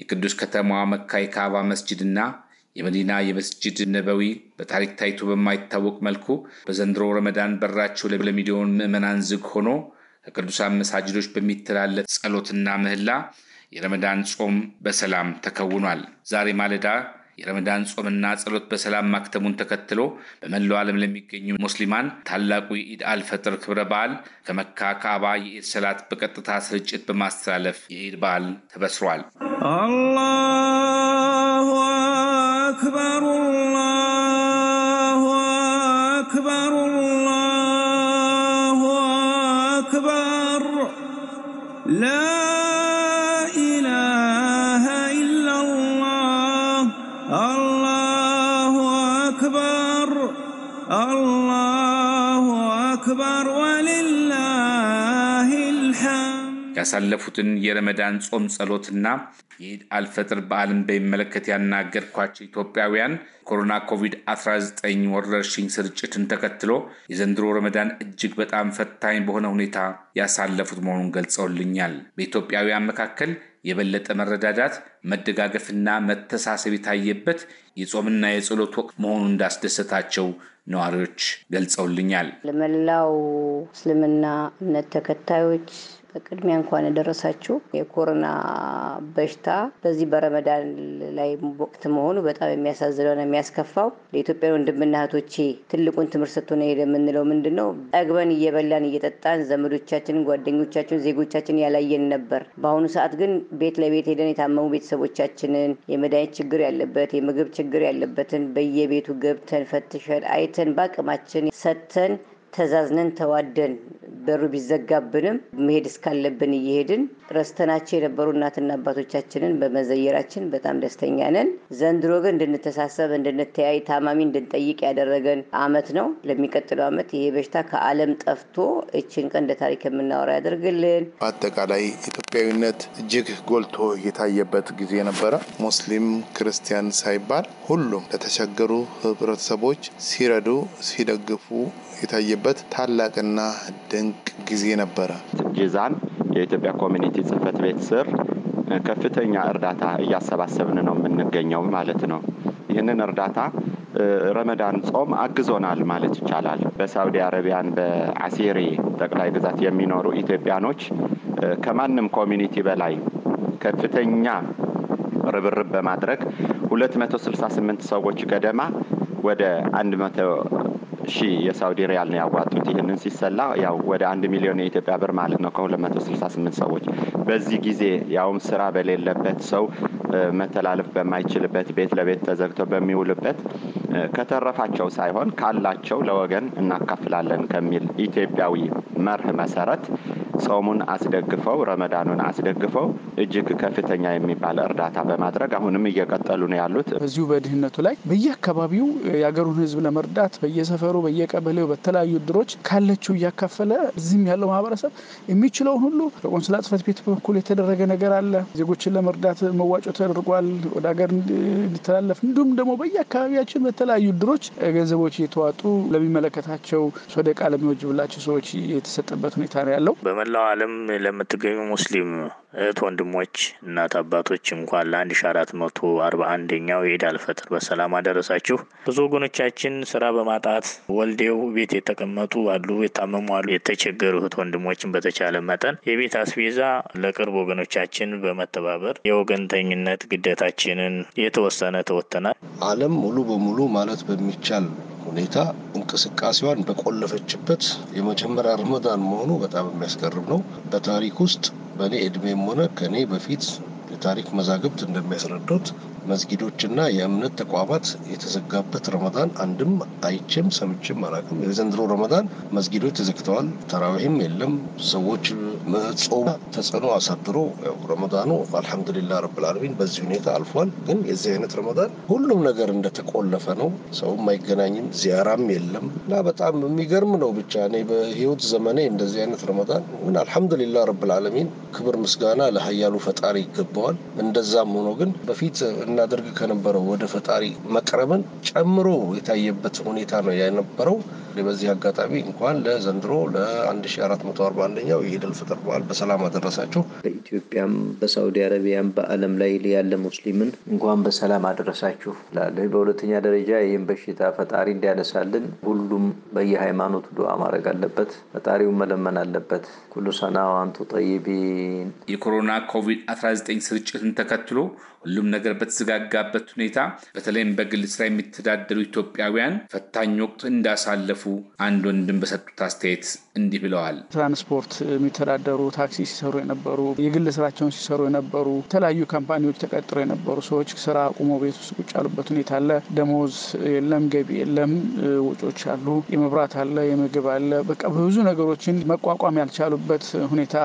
የቅዱስ ከተማዋ መካ የካባ መስጅድና የመዲና የመስጅድ ነበዊ በታሪክ ታይቶ በማይታወቅ መልኩ በዘንድሮ ረመዳን በራቸው ለሚሊዮን ምዕመናን ዝግ ሆኖ ከቅዱሳን መሳጅዶች በሚተላለፍ ጸሎትና ምህላ የረመዳን ጾም በሰላም ተከውኗል። ዛሬ ማለዳ የረመዳን ጾምና ጸሎት በሰላም ማክተሙን ተከትሎ በመላው ዓለም ለሚገኙ ሙስሊማን ታላቁ የኢድ አልፈጥር ክብረ በዓል ከመካ ካዕባ የኢድ ሰላት በቀጥታ ስርጭት በማስተላለፍ የኢድ በዓል ተበስሯል። አላሁ አላሁ አክበር ያሳለፉትን የረመዳን ጾም ጸሎትና የኢድ አልፈጥር በዓልን በሚመለከት ያናገርኳቸው ኢትዮጵያውያን ኮሮና ኮቪድ-19 ወረርሽኝ ስርጭትን ተከትሎ የዘንድሮ ረመዳን እጅግ በጣም ፈታኝ በሆነ ሁኔታ ያሳለፉት መሆኑን ገልጸውልኛል። በኢትዮጵያውያን መካከል የበለጠ መረዳዳት፣ መደጋገፍና መተሳሰብ የታየበት የጾምና የጸሎት ወቅት መሆኑን እንዳስደሰታቸው ነዋሪዎች ገልጸውልኛል። ለመላው እስልምና እምነት ተከታዮች በቅድሚያ እንኳን የደረሳችሁ የኮሮና በሽታ በዚህ በረመዳን ላይ ወቅት መሆኑ በጣም የሚያሳዝነው የሚያስከፋው። ለኢትዮጵያ ወንድምና እህቶቼ ትልቁን ትምህርት ሰጥቶ ነው ሄደ የምንለው ምንድን ነው? ጠግበን እየበላን እየጠጣን ዘመዶቻችንን፣ ጓደኞቻችን፣ ዜጎቻችን ያላየን ነበር። በአሁኑ ሰዓት ግን ቤት ለቤት ሄደን የታመሙ ቤተሰቦቻችንን የመድኃኒት ችግር ያለበት የምግብ ችግር ያለበትን በየቤቱ ገብተን ፈትሸን አይተን በአቅማችን ሰጥተን ተዛዝነን ተዋደን በሩ ቢዘጋብንም መሄድ እስካለብን እየሄድን ረስተናቸው የነበሩ እናትና አባቶቻችንን በመዘየራችን በጣም ደስተኛ ነን። ዘንድሮ ግን እንድንተሳሰብ፣ እንድንተያይ፣ ታማሚ እንድንጠይቅ ያደረገን አመት ነው። ለሚቀጥለው አመት ይሄ በሽታ ከዓለም ጠፍቶ እችን ቀን እንደ ታሪክ የምናወራ ያደርግልን። በአጠቃላይ ኢትዮጵያዊነት እጅግ ጎልቶ የታየበት ጊዜ ነበረ። ሙስሊም ክርስቲያን ሳይባል ሁሉም ለተቸገሩ ህብረተሰቦች ሲረዱ ሲደግፉ የታየ ያገኘንበት ታላቅና ድንቅ ጊዜ ነበረ። ጂዛን የኢትዮጵያ ኮሚኒቲ ጽህፈት ቤት ስር ከፍተኛ እርዳታ እያሰባሰብን ነው የምንገኘው ማለት ነው። ይህንን እርዳታ ረመዳን ጾም አግዞናል ማለት ይቻላል። በሳውዲ አረቢያን በአሴሪ ጠቅላይ ግዛት የሚኖሩ ኢትዮጵያኖች ከማንም ኮሚኒቲ በላይ ከፍተኛ ርብርብ በማድረግ 268 ሰዎች ገደማ ወደ 1 ሺህ የሳውዲ ሪያል ነው ያዋጡት። ይህንን ሲሰላ ያው ወደ አንድ ሚሊዮን የኢትዮጵያ ብር ማለት ነው ከ268 ሰዎች በዚህ ጊዜ ያውም ስራ በሌለበት ሰው መተላለፍ በማይችልበት ቤት ለቤት ተዘግቶ በሚውልበት ከተረፋቸው ሳይሆን ካላቸው ለወገን እናካፍላለን ከሚል ኢትዮጵያዊ መርህ መሰረት ጾሙን አስደግፈው ረመዳኑን አስደግፈው እጅግ ከፍተኛ የሚባል እርዳታ በማድረግ አሁንም እየቀጠሉ ነው ያሉት። በዚሁ በድህነቱ ላይ በየአካባቢው የሀገሩን ህዝብ ለመርዳት በየሰፈሩ በየቀበሌው በተለያዩ ድሮች ካለችው እያካፈለ እዚህም ያለው ማህበረሰብ የሚችለውን ሁሉ በቆንስላ ጽፈት ቤት በኩል የተደረገ ነገር አለ። ዜጎችን ለመርዳት መዋጮ ተደርጓል ወደ ሀገር እንዲተላለፍ። እንዲሁም ደግሞ በየአካባቢያችን በተለያዩ ድሮች ገንዘቦች እየተዋጡ ለሚመለከታቸው ሶደቃ ለሚወጅብላቸው ሰዎች የተሰጠበት ሁኔታ ነው ያለው። በመላው ዓለም ለምትገኙ ሙስሊም እህት ወንድሞች፣ እናት አባቶች እንኳን ለአንድ ሺ አራት መቶ አርባ አንደኛው የኢድ አልፈጥር በሰላም አደረሳችሁ። ብዙ ወገኖቻችን ስራ በማጣት ወልዴው ቤት የተቀመጡ አሉ፣ የታመሙ አሉ። የተቸገሩ እህት ወንድሞችን በተቻለ መጠን የቤት አስቤዛ ለቅርብ ወገኖቻችን በመተባበር የወገንተኝነት ግዴታችንን የተወሰነ ተወጥተናል። ዓለም ሙሉ በሙሉ ማለት በሚቻል ሁኔታ እንቅስቃሴዋን በቆለፈችበት የመጀመሪያ ረመዳን መሆኑ በጣም የሚያስገርም ነው። በታሪክ ውስጥ በእኔ እድሜም ሆነ ከእኔ በፊት የታሪክ መዛግብት እንደሚያስረዱት መስጊዶችና የእምነት ተቋማት የተዘጋበት ረመዳን አንድም አይቼም ሰምቼም አላውቅም። የዘንድሮ ረመዳን መስጊዶች ተዘግተዋል፣ ተራዊህም የለም። ሰዎች ጾም ተጽዕኖ አሳድሮ ረመዳኑ አልሐምዱሊላ ረብልዓለሚን በዚህ ሁኔታ አልፏል። ግን የዚህ አይነት ረመዳን ሁሉም ነገር እንደተቆለፈ ነው። ሰውም አይገናኝም፣ ዚያራም የለም እና በጣም የሚገርም ነው። ብቻ እኔ በህይወት ዘመኔ እንደዚህ አይነት ረመዳን ግን አልሐምዱሊላ ረብልዓለሚን ክብር ምስጋና ለሀያሉ ፈጣሪ ይገባዋል። እንደዛም ሆኖ ግን በፊት እናደርግ ከነበረው ወደ ፈጣሪ መቅረብን ጨምሮ የታየበት ሁኔታ ነው የነበረው። በዚህ አጋጣሚ እንኳን ለዘንድሮ ለ1441ኛው የኢድ ፍጥር በዓል በሰላም አደረሳችሁ። በኢትዮጵያም በሳውዲ አረቢያም በዓለም ላይ ያለ ሙስሊምን እንኳን በሰላም አደረሳችሁ በሁለተኛ ደረጃ ይህም በሽታ ፈጣሪ እንዲያነሳልን ሁሉም በየሃይማኖቱ ዱዓ ማድረግ አለበት፣ ፈጣሪውን መለመን አለበት። ኩሉ ሰና ወአንቱ ጠይቢን። የኮሮና ኮቪድ-19 ስርጭትን ተከትሎ ሁሉም ነገር በተዘ የተዘጋጋበት ሁኔታ በተለይም በግል ስራ የሚተዳደሩ ኢትዮጵያውያን ፈታኝ ወቅት እንዳሳለፉ አንድ ወንድም በሰጡት አስተያየት እንዲህ ብለዋል። ትራንስፖርት የሚተዳደሩ ታክሲ ሲሰሩ የነበሩ የግል ስራቸውን ሲሰሩ የነበሩ የተለያዩ ካምፓኒዎች ተቀጥረው የነበሩ ሰዎች ስራ አቁሞ ቤት ውስጥ ቁጭ ያሉበት ሁኔታ አለ። ደሞዝ የለም፣ ገቢ የለም፣ ወጪዎች አሉ፣ የመብራት አለ፣ የምግብ አለ። በቃ ብዙ ነገሮችን መቋቋም ያልቻሉበት ሁኔታ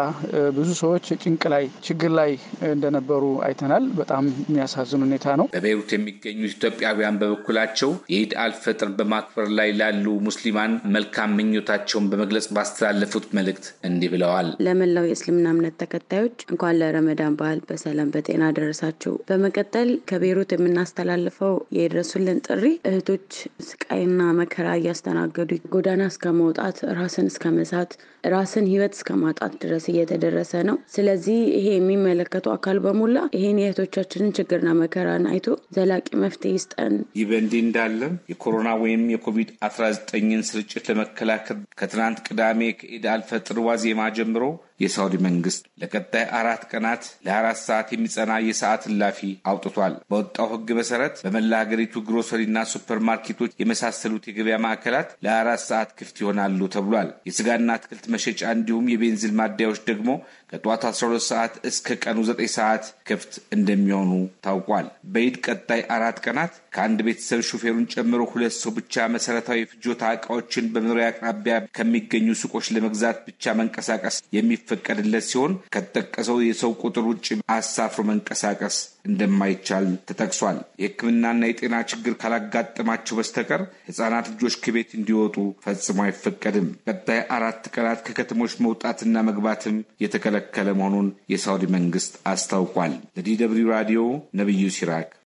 ብዙ ሰዎች ጭንቅ ላይ ችግር ላይ እንደነበሩ አይተናል። በጣም የሚያሳዝኑ ሁኔታ ነው። በቤይሩት የሚገኙ ኢትዮጵያውያን በበኩላቸው የኢድ አልፈጥር በማክበር ላይ ላሉ ሙስሊማን መልካም ምኞታቸውን በመግለጽ ባስተላለፉት መልእክት እንዲህ ብለዋል። ለመላው የእስልምና እምነት ተከታዮች እንኳን ለረመዳን በዓል በሰላም በጤና ደረሳችሁ። በመቀጠል ከቤይሩት የምናስተላልፈው የደረሱልን ጥሪ እህቶች ስቃይና መከራ እያስተናገዱ ጎዳና እስከ መውጣት ራስን እስከ መሳት ራስን ህይወት እስከ ማጣት ድረስ እየተደረሰ ነው። ስለዚህ ይሄ የሚመለከቱ አካል በሞላ ይሄን የእህቶቻችንን ችግርና መከራ መከራን አይቶ ዘላቂ መፍትሄ ይስጠን። ይህ በእንዲህ እንዳለም የኮሮና ወይም የኮቪድ 19ን ስርጭት ለመከላከል ከትናንት ቅዳሜ ከኢድ አልፈጥር ዋዜማ ጀምሮ የሳውዲ መንግስት ለቀጣይ አራት ቀናት ለአራት ሰዓት የሚጸና የሰዓት እላፊ አውጥቷል። በወጣው ህግ መሰረት በመላ ሀገሪቱ ግሮሰሪና ሱፐርማርኬቶች የመሳሰሉት የገበያ ማዕከላት ለአራት ሰዓት ክፍት ይሆናሉ ተብሏል። የስጋና አትክልት መሸጫ እንዲሁም የቤንዚን ማደያዎች ደግሞ ከጠዋት 12 ሰዓት እስከ ቀኑ 9 ሰዓት ክፍት እንደሚሆኑ ታውቋል። በኢድ ቀጣይ አራት ቀናት ከአንድ ቤተሰብ ሹፌሩን ጨምሮ ሁለት ሰው ብቻ መሰረታዊ ፍጆታ እቃዎችን በመኖሪያ አቅራቢያ ከሚገኙ ሱቆች ለመግዛት ብቻ መንቀሳቀስ የሚፈቀድለት ሲሆን ከተጠቀሰው የሰው ቁጥር ውጭ አሳፍሮ መንቀሳቀስ እንደማይቻል ተጠቅሷል። የሕክምናና የጤና ችግር ካላጋጠማቸው በስተቀር ህጻናት ልጆች ከቤት እንዲወጡ ፈጽሞ አይፈቀድም። ቀጣይ አራት ቀናት ከከተሞች መውጣትና መግባትም የተከለከለ መሆኑን የሳውዲ መንግስት አስታውቋል። ለዲ ራዲዮ ነቢዩ ሲራክ